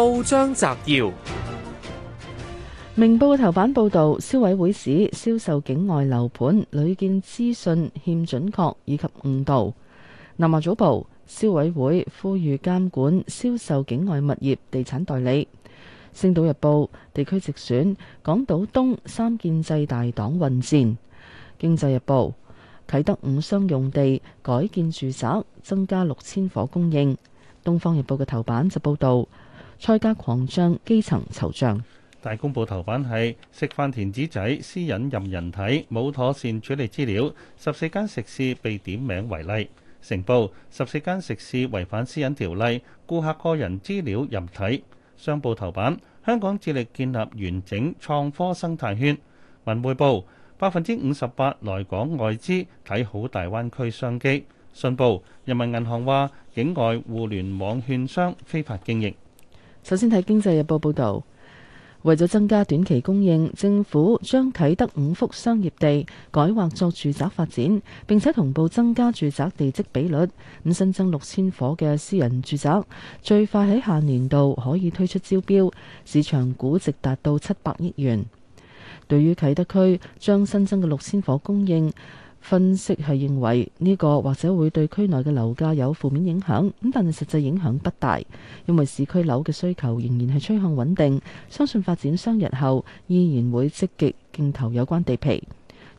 報章摘要：明報嘅頭版報道，消委會指銷售境外樓盤屢見資訊欠準確以及誤導。南華早報，消委會呼籲監管銷售境外物業地產代理。星島日報，地區直選，港島東三建制大黨混戰。經濟日報，啟德五商用地改建住宅，增加六千伙供應。東方日報嘅頭版就報道。菜價狂漲，基層惆悵。大公報頭版係食飯填紙仔私隱任人睇，冇妥善處理資料。十四間食肆被點名為例。成報十四間食肆違反私隱條例，顧客個人資料任睇。商報頭版，香港致力建立完整創科生態圈。文匯報，百分之五十八來港外資睇好大灣區商機。信報，人民銀行話境外互聯網券商非法經營。首先睇《經濟日報》報導，為咗增加短期供應，政府將啟德五幅商業地改劃作住宅發展，並且同步增加住宅地積比率，咁新增六千伙嘅私人住宅，最快喺下年度可以推出招標，市場估值達到七百億元。對於啟德區將新增嘅六千伙供應，分析係認為呢個或者會對區內嘅樓價有負面影響，咁但係實際影響不大，因為市區樓嘅需求仍然係趨向穩定，相信發展商日後依然會積極競投有關地皮。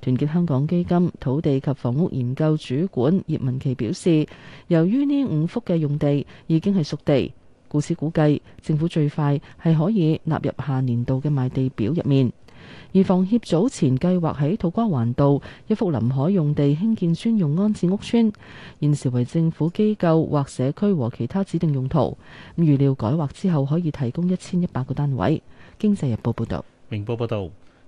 團結香港基金土地及房屋研究主管葉文琪表示，由於呢五幅嘅用地已經係熟地，故此估計政府最快係可以納入下年度嘅賣地表入面。而房協早前計劃喺土瓜灣道一幅臨海用地興建專用安置屋邨，現時為政府機構或社區和其他指定用途，預料改劃之後可以提供一千一百個單位。經濟日報報道，明報報道。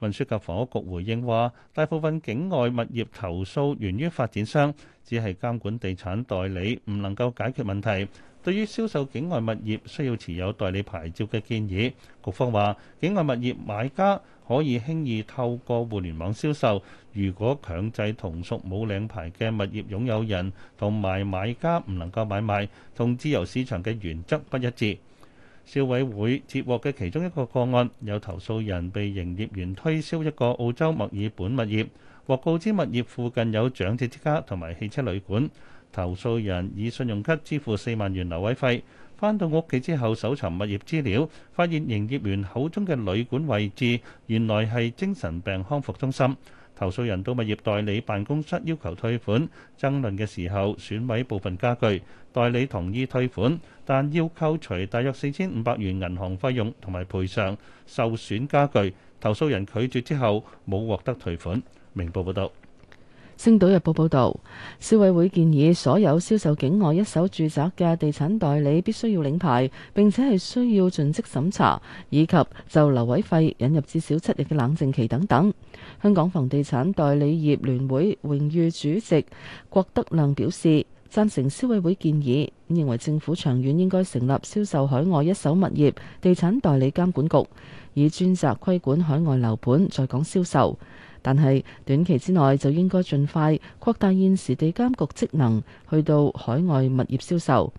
運輸及房屋局回應話,大部分境外物業投訴源於發展商,只係監管地產代理,唔能夠解決問題。對於銷售境外物業,需要持有代理牌照嘅建議。局方話,境外物業買家可以輕易透過互聯網銷售,如果強制同屬冇領牌嘅物業擁有人,同埋買家唔能夠買賣,同自由市場嘅原則不一致。消委會接獲嘅其中一個個案，有投訴人被營業員推銷一個澳洲墨爾本物業，獲告知物業附近有長者之家同埋汽車旅館。投訴人以信用卡支付四萬元留位費，返到屋企之後搜尋物業資料，發現營業員口中嘅旅館位置原來係精神病康復中心。投訴人到物業代理辦公室要求退款，爭論嘅時候損毀部分家具。代理同意退款，但要扣除大約四千五百元銀行費用同埋賠償受損家具，投訴人拒絕之後冇獲得退款。明報報道。星島日報報導，消委會建議所有銷售境外一手住宅嘅地產代理必須要領牌，並且係需要盡職審查，以及就留位費引入至少七日嘅冷靜期等等。香港房地產代理業聯會榮譽主席郭德亮表示贊成消委會建議，認為政府長遠應該成立銷售海外一手物業地產代理監管局，以專責規管海外樓盤在港銷售。但係短期之內就應該盡快擴大現時地監局職能，去到海外物業銷售，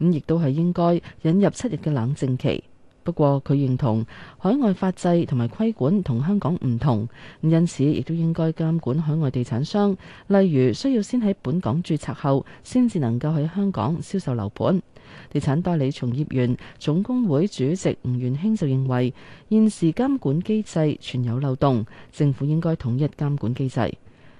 咁亦都係應該引入七日嘅冷靜期。不過，佢認同海外法制同埋規管同香港唔同，因此亦都應該監管海外地產商，例如需要先喺本港註冊後，先至能夠喺香港銷售樓盤。地產代理從業員總工會主席吳元興就認為，現時監管機制存有漏洞，政府應該統一監管機制。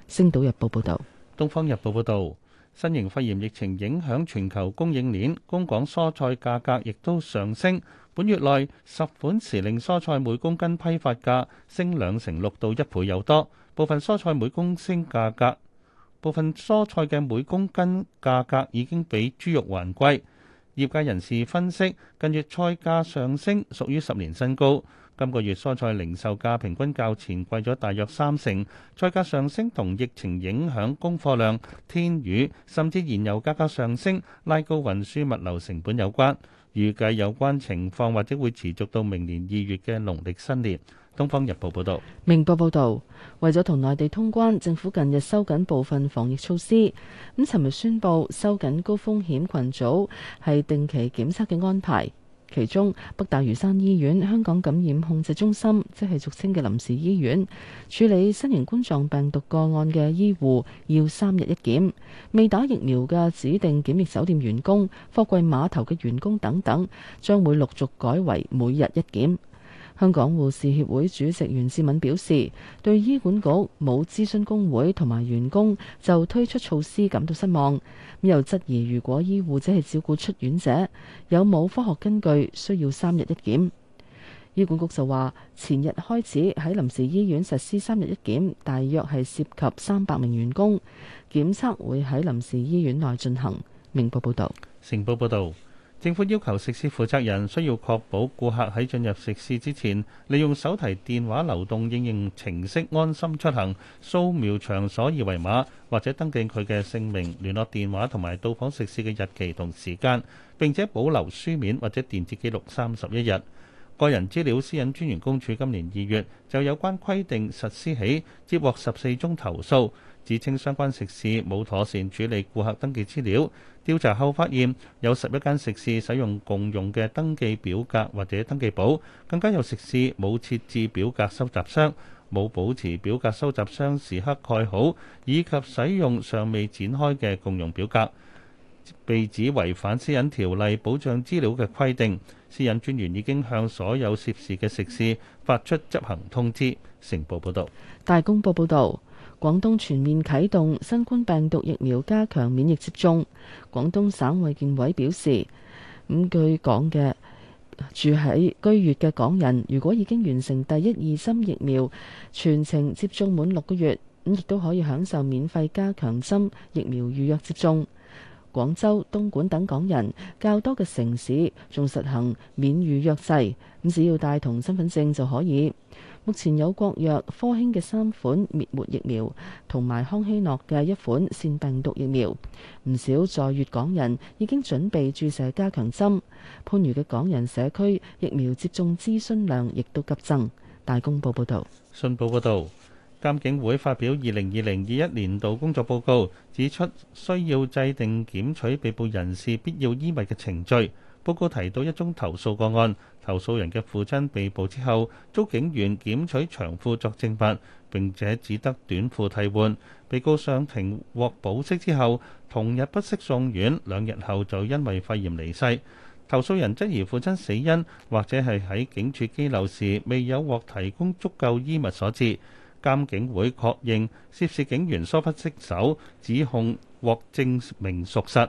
星島日報報道。東方日報報道。新型肺炎疫情影響全球供應鏈，供港蔬菜價格亦都上升。本月內十款時令蔬菜每公斤批發價升兩成六到一倍有多，部分蔬菜每公斤價格部分蔬菜嘅每公斤價格已經比豬肉還貴。業界人士分析，近月菜價上升屬於十年新高。今個月蔬菜零售價平均較前貴咗大約三成，菜價上升同疫情影響供貨量、天雨甚至燃油價格上升拉高運輸物流成本有關。預計有關情況或者會持續到明年二月嘅農曆新年。《東方日報》報道，《明報》報道，為咗同內地通關，政府近日收緊部分防疫措施。咁，尋日宣布收緊高風險群組係定期檢測嘅安排。其中，北大嶼山醫院、香港感染控制中心，即係俗稱嘅臨時醫院，處理新型冠狀病毒個案嘅醫護要三日一檢；未打疫苗嘅指定檢疫酒店員工、貨櫃碼頭嘅員工等等，將會陸續改為每日一檢。香港護士協會主席袁志敏表示，對醫管局冇諮詢工會同埋員工就推出措施感到失望，咁又質疑如果醫護者係照顧出院者，有冇科學根據需要三日一檢？醫管局就話，前日開始喺臨時醫院實施三日一檢，大約係涉及三百名員工，檢測會喺臨時醫院內進行。明報報道，成報報道。政府要求食肆負責人需要確保顧客喺進入食肆之前，利用手提電話流動應用程式安心出行掃描場所二維碼，或者登記佢嘅姓名、聯絡電話同埋到訪食肆嘅日期同時間，並且保留書面或者電子記錄三十一日。個人資料私隱專員公署今年二月就有關規定實施起，接獲十四宗投訴，指稱相關食肆冇妥善處理顧客登記資料。調查後發現，有十一間食肆使用共用嘅登記表格或者登記簿，更加有食肆冇設置表格收集箱，冇保持表格收集箱時刻蓋好，以及使用尚未展開嘅共用表格，被指違反《私隱條例》保障資料嘅規定。私隱專員已經向所有涉事嘅食肆發出執行通知。成報報道。大公報報導。廣東全面啟動新冠病毒疫苗加強免疫接種。廣東省衛健委表示，咁、嗯、據講嘅住喺居粵嘅港人，如果已經完成第一二針疫苗全程接種滿六個月，咁亦都可以享受免費加強針疫苗預約接種。廣州、東莞等港人較多嘅城市，仲實行免預約制，咁、嗯、只要帶同身份證就可以。目前有國藥科興嘅三款滅活疫苗，同埋康希諾嘅一款腺病毒疫苗，唔少在粵港人已經準備注射加強針。番禺嘅港人社區疫苗接種諮詢量亦都急增。大公報報道。信報報道，監警會發表二零二零二一年度工作報告，指出需要制定檢取被捕人士必要衣物嘅程序。報告提到一宗投訴個案，投訴人嘅父親被捕之後，遭警員檢取長褲作證物，並且只得短褲替換。被告上庭獲保釋之後，同日不適送院，兩日後就因為肺炎離世。投訴人質疑父親死因，或者係喺警署拘留時未有獲提供足夠衣物所致。監警會確認涉事警員疏忽職守，指控獲證明屬實。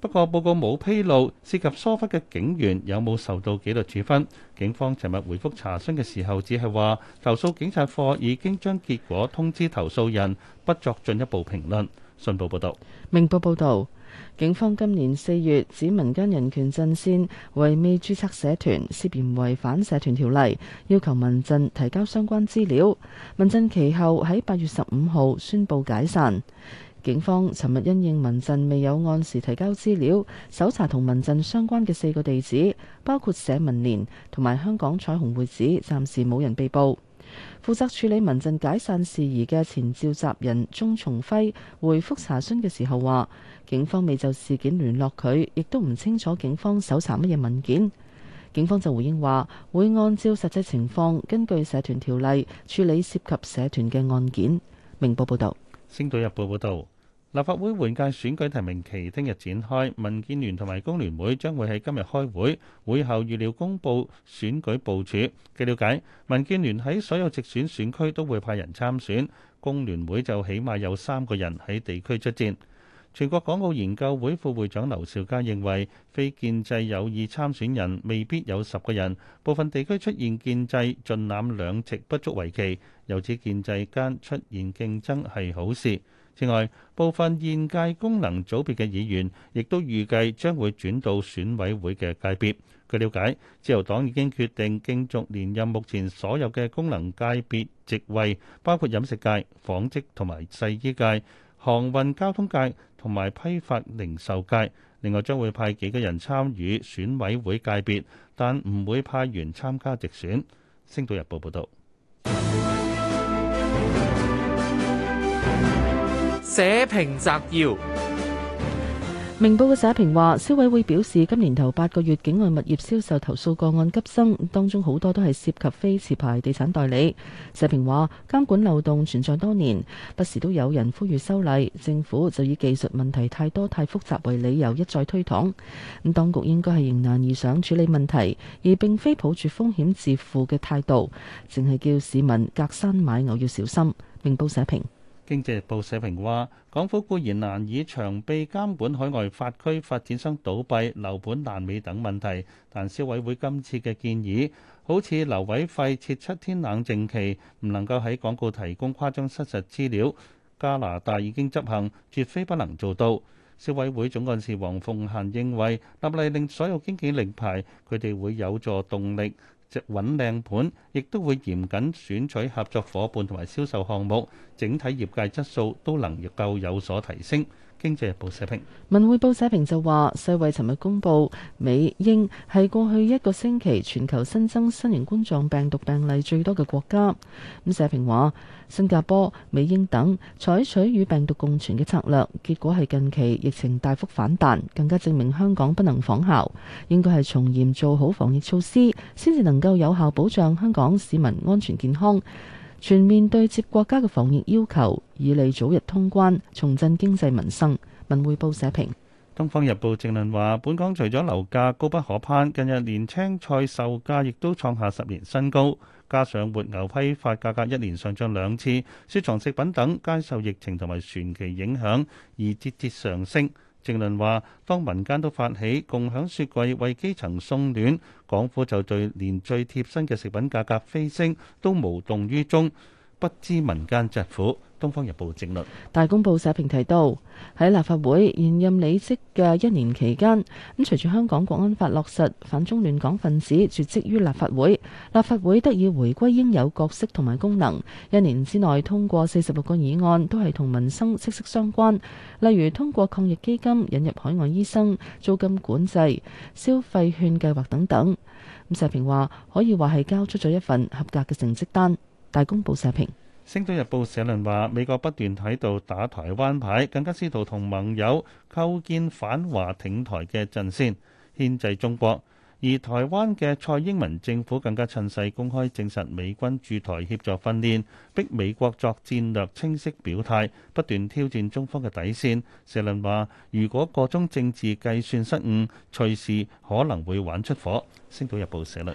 不過報告冇披露涉及疏忽嘅警員有冇受到紀律處分。警方尋日回覆查詢嘅時候，只係話投訴警察課已經將結果通知投訴人，不作進一步評論。信報報道。明報報道：「警方今年四月指民間人權陣線為未註冊社團，涉嫌違反社團條例，要求民陣提交相關資料。民陣其後喺八月十五號宣布解散。警方尋日因應民陣未有按時提交資料，搜查同民陣相關嘅四個地址，包括社民連同埋香港彩虹會址，暫時冇人被捕。負責處理民陣解散事宜嘅前召集人鍾松輝回覆查詢嘅時候話，警方未就事件聯絡佢，亦都唔清楚警方搜查乜嘢文件。警方就回應話，會按照實際情況，根據社團條例處理涉及社團嘅案件。明報報道。星島日報報道，立法會換屆選舉提名期聽日展開，民建聯同埋工聯會將會喺今日開會，會後預料公布選舉部署。據了解，民建聯喺所有直選選區都會派人參選，工聯會就起碼有三個人喺地區出戰。全國港澳研究會副會長劉兆佳認為，非建制有意參選人未必有十個人，部分地區出現建制盡攬兩席不足為奇，由此建制間出現競爭係好事。此外，部分現屆功能組別嘅議員，亦都預計將會轉到選委會嘅界別。據了解，自由黨已經決定競逐連任目前所有嘅功能界別席位，包括飲食界、紡織同埋製衣界、航運交通界。同埋批發零售界，另外將會派幾個人參與選委會界別，但唔會派員參加直選。星島日報報道。社評摘要。明報嘅社評話，消委會表示今年頭八個月境外物業銷售投訴個案急增，當中好多都係涉及非持牌地產代理。社評話，監管漏洞存在多年，不時都有人呼籲修例，政府就以技術問題太多太複雜為理由一再推搪。咁當局應該係迎難而上處理問題，而並非抱住風險自負嘅態度，淨係叫市民隔山買牛要小心。明報社評。經濟日報社評話，港府固然難以長臂監管海外法區發展商倒閉、樓盤爛尾等問題，但消委會今次嘅建議，好似留位費設七天冷靜期，唔能夠喺廣告提供誇張失實資料。加拿大已經執行，絕非不能做到。消委會總幹事黃鳳嫻認為，立例令所有經紀領牌，佢哋會有助動力。只揾靚盤，亦都會嚴謹選取合作伙伴同埋銷售項目，整體業界質素都能夠有所提升。經濟日報社評，文匯報社評就話，世衛尋日公布，美英係過去一個星期全球新增新型冠狀病毒病例最多嘅國家。咁社評話，新加坡、美英等採取與病毒共存嘅策略，結果係近期疫情大幅反彈，更加證明香港不能仿效，應該係從嚴做好防疫措施，先至能夠有效保障香港市民安全健康。全面對接國家嘅防疫要求，以利早日通關，重振經濟民生。文匯報社評，《東方日報》正論話：本港除咗樓價高不可攀，近日連青菜售價亦都創下十年新高，加上活牛批發價格一年上漲兩次，雪藏食品等皆受疫情同埋船期影響而節節上升。政論話：當民間都發起共享雪櫃為基層送暖，港府就對連最貼身嘅食品價格飛升都無動於衷。不知民間疾苦，《東方日報》正論。大公報社評提到，喺立法會現任履職嘅一年期間，咁隨住香港國安法落實，反中亂港分子絕跡於立法會，立法會得以回歸應有角色同埋功能。一年之內通過四十六個議案，都係同民生息息相關，例如通過抗疫基金、引入海外醫生、租金管制、消費券計劃等等。咁社評話，可以話係交出咗一份合格嘅成績單。大公報社評，《星島日報》社論話：美國不斷喺度打台灣牌，更加試圖同盟友構建反華挺台嘅陣線，牽制中國。而台灣嘅蔡英文政府更加趁勢公開證實美軍駐台協助訓練，逼美國作戰略清晰表態，不斷挑戰中方嘅底線。社論話：如果個中政治計算失誤，隨時可能會玩出火。《星島日報》社論。